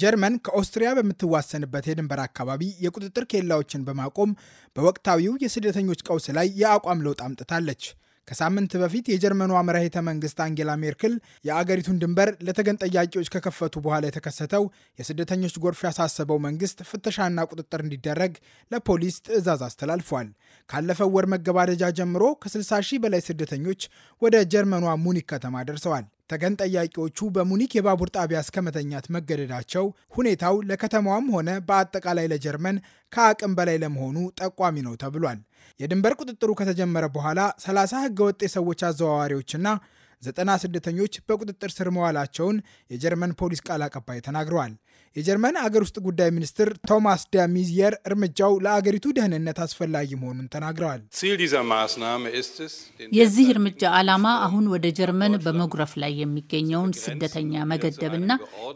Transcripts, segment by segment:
ጀርመን ከኦስትሪያ በምትዋሰንበት የድንበር አካባቢ የቁጥጥር ኬላዎችን በማቆም በወቅታዊው የስደተኞች ቀውስ ላይ የአቋም ለውጥ አምጥታለች። ከሳምንት በፊት የጀርመኗ መራሄተ መንግስት አንጌላ ሜርክል የአገሪቱን ድንበር ለተገን ጠያቂዎች ከከፈቱ በኋላ የተከሰተው የስደተኞች ጎርፍ ያሳሰበው መንግስት ፍተሻና ቁጥጥር እንዲደረግ ለፖሊስ ትዕዛዝ አስተላልፏል። ካለፈው ወር መገባደጃ ጀምሮ ከ60 ሺህ በላይ ስደተኞች ወደ ጀርመኗ ሙኒክ ከተማ ደርሰዋል። ተገን ጠያቂዎቹ በሙኒክ የባቡር ጣቢያ እስከ መተኛት መገደዳቸው ሁኔታው ለከተማዋም ሆነ በአጠቃላይ ለጀርመን ከአቅም በላይ ለመሆኑ ጠቋሚ ነው ተብሏል። የድንበር ቁጥጥሩ ከተጀመረ በኋላ 30 ህገወጥ የሰዎች አዘዋዋሪዎችና ዘጠና ስደተኞች በቁጥጥር ስር መዋላቸውን የጀርመን ፖሊስ ቃል አቀባይ ተናግረዋል። የጀርመን አገር ውስጥ ጉዳይ ሚኒስትር ቶማስ ደ እርምጃው ለአገሪቱ ደህንነት አስፈላጊ መሆኑን ተናግረዋል። የዚህ እርምጃ ዓላማ አሁን ወደ ጀርመን በመጉረፍ ላይ የሚገኘውን ስደተኛ መገደብና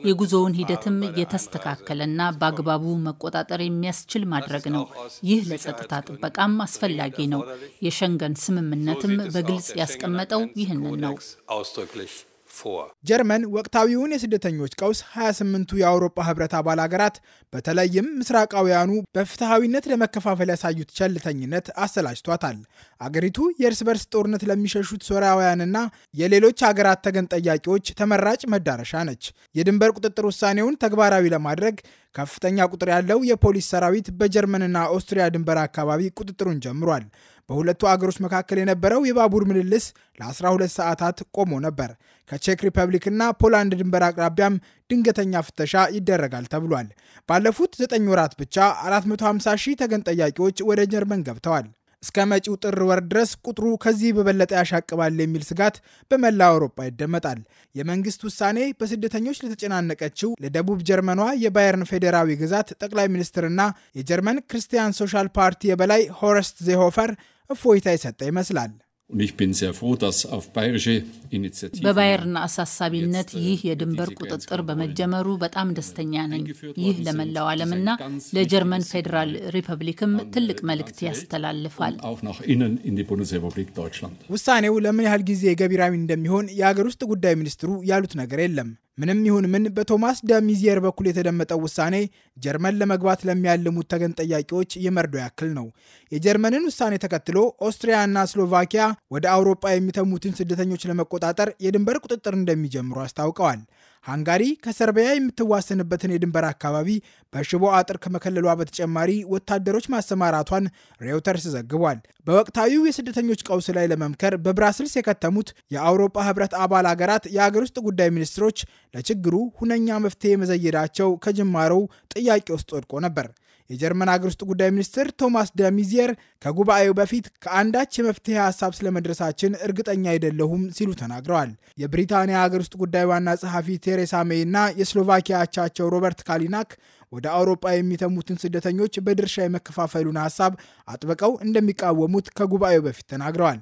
የጉዞውን ሂደትም የተስተካከለና በአግባቡ መቆጣጠር የሚያስችል ማድረግ ነው። ይህ ለጸጥታ ጥበቃም አስፈላጊ ነው። የሸንገን ስምምነትም በግልጽ ያስቀመጠው ይህንን ነው። ausdrücklich vor. ጀርመን ወቅታዊውን የስደተኞች ቀውስ 28ቱ የአውሮፓ ህብረት አባል ሀገራት በተለይም ምስራቃውያኑ በፍትሐዊነት ለመከፋፈል ያሳዩት ቸልተኝነት አሰላጅቷታል። አገሪቱ የእርስ በርስ ጦርነት ለሚሸሹት ሶሪያውያንና የሌሎች ሀገራት ተገን ጠያቂዎች ተመራጭ መዳረሻ ነች። የድንበር ቁጥጥር ውሳኔውን ተግባራዊ ለማድረግ ከፍተኛ ቁጥር ያለው የፖሊስ ሰራዊት በጀርመንና ኦስትሪያ ድንበር አካባቢ ቁጥጥሩን ጀምሯል። በሁለቱ አገሮች መካከል የነበረው የባቡር ምልልስ ለ12 ሰዓታት ቆሞ ነበር። ከቼክ ሪፐብሊክና ፖላንድ ድንበር አቅራቢያም ድንገተኛ ፍተሻ ይደረጋል ተብሏል። ባለፉት 9 ወራት ብቻ 450 ሺህ ተገን ጠያቂዎች ወደ ጀርመን ገብተዋል። እስከ መጪው ጥር ወር ድረስ ቁጥሩ ከዚህ በበለጠ ያሻቅባል የሚል ስጋት በመላ አውሮፓ ይደመጣል። የመንግስት ውሳኔ በስደተኞች ለተጨናነቀችው ለደቡብ ጀርመኗ የባየርን ፌዴራዊ ግዛት ጠቅላይ ሚኒስትርና የጀርመን ክርስቲያን ሶሻል ፓርቲ የበላይ ሆረስት ዜሆፈር እፎይታ የሰጠ ይመስላል። በባየርን አሳሳቢነት äh, ይህ የድንበር ቁጥጥር በመጀመሩ በጣም ደስተኛ ነኝ። ይህ ለመላው ዓለምና ለጀርመን ፌዴራል ሪፐብሊክም ትልቅ መልእክት ያስተላልፋል። ውሳኔው ለምን ያህል ጊዜ ገቢራዊ እንደሚሆን የአገር ውስጥ ጉዳይ ሚኒስትሩ ያሉት ነገር የለም። ምንም ይሁን ምን በቶማስ ደሚዚየር በኩል የተደመጠው ውሳኔ ጀርመን ለመግባት ለሚያልሙት ተገን ጠያቂዎች የመርዶ ያክል ነው። የጀርመንን ውሳኔ ተከትሎ ኦስትሪያና ስሎቫኪያ ወደ አውሮፓ የሚተሙትን ስደተኞች ለመቆጣጠር የድንበር ቁጥጥር እንደሚጀምሩ አስታውቀዋል። ሃንጋሪ ከሰርቢያ የምትዋሰንበትን የድንበር አካባቢ በሽቦ አጥር ከመከለሏ በተጨማሪ ወታደሮች ማሰማራቷን ሬውተርስ ዘግቧል። በወቅታዊው የስደተኞች ቀውስ ላይ ለመምከር በብራስልስ የከተሙት የአውሮፓ ህብረት አባል አገራት የአገር ውስጥ ጉዳይ ሚኒስትሮች ለችግሩ ሁነኛ መፍትሄ መዘየዳቸው ከጅማሮው ጥያቄ ውስጥ ወድቆ ነበር። የጀርመን አገር ውስጥ ጉዳይ ሚኒስትር ቶማስ ደሚዚየር ከጉባኤው በፊት ከአንዳች የመፍትሄ ሀሳብ ስለመድረሳችን እርግጠኛ አይደለሁም ሲሉ ተናግረዋል። የብሪታንያ አገር ውስጥ ጉዳይ ዋና ጸሐፊ ቴሬሳ ሜይ እና የስሎቫኪያ አቻቸው ሮበርት ካሊናክ ወደ አውሮጳ የሚተሙትን ስደተኞች በድርሻ የመከፋፈሉን ሀሳብ አጥብቀው እንደሚቃወሙት ከጉባኤው በፊት ተናግረዋል።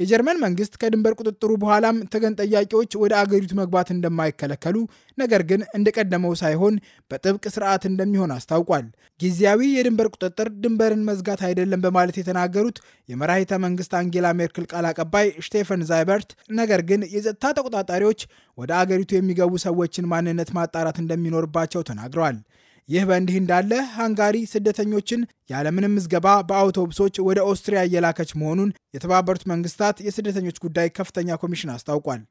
የጀርመን መንግስት ከድንበር ቁጥጥሩ በኋላም ተገን ጠያቂዎች ወደ አገሪቱ መግባት እንደማይከለከሉ ነገር ግን እንደቀደመው ሳይሆን በጥብቅ ስርዓት እንደሚሆን አስታውቋል። ጊዜያዊ የድንበር ቁጥጥር ድንበርን መዝጋት አይደለም በማለት የተናገሩት የመራሂተ መንግስት አንጌላ ሜርክል ቃል አቀባይ ሽቴፈን ዛይበርት፣ ነገር ግን የጸጥታ ተቆጣጣሪዎች ወደ አገሪቱ የሚገቡ ሰዎችን ማንነት ማጣራት እንደሚኖርባቸው ተናግረዋል። ይህ በእንዲህ እንዳለ ሃንጋሪ ስደተኞችን ያለምንም ምዝገባ በአውቶቡሶች ወደ ኦስትሪያ እየላከች መሆኑን የተባበሩት መንግስታት የስደተኞች ጉዳይ ከፍተኛ ኮሚሽን አስታውቋል።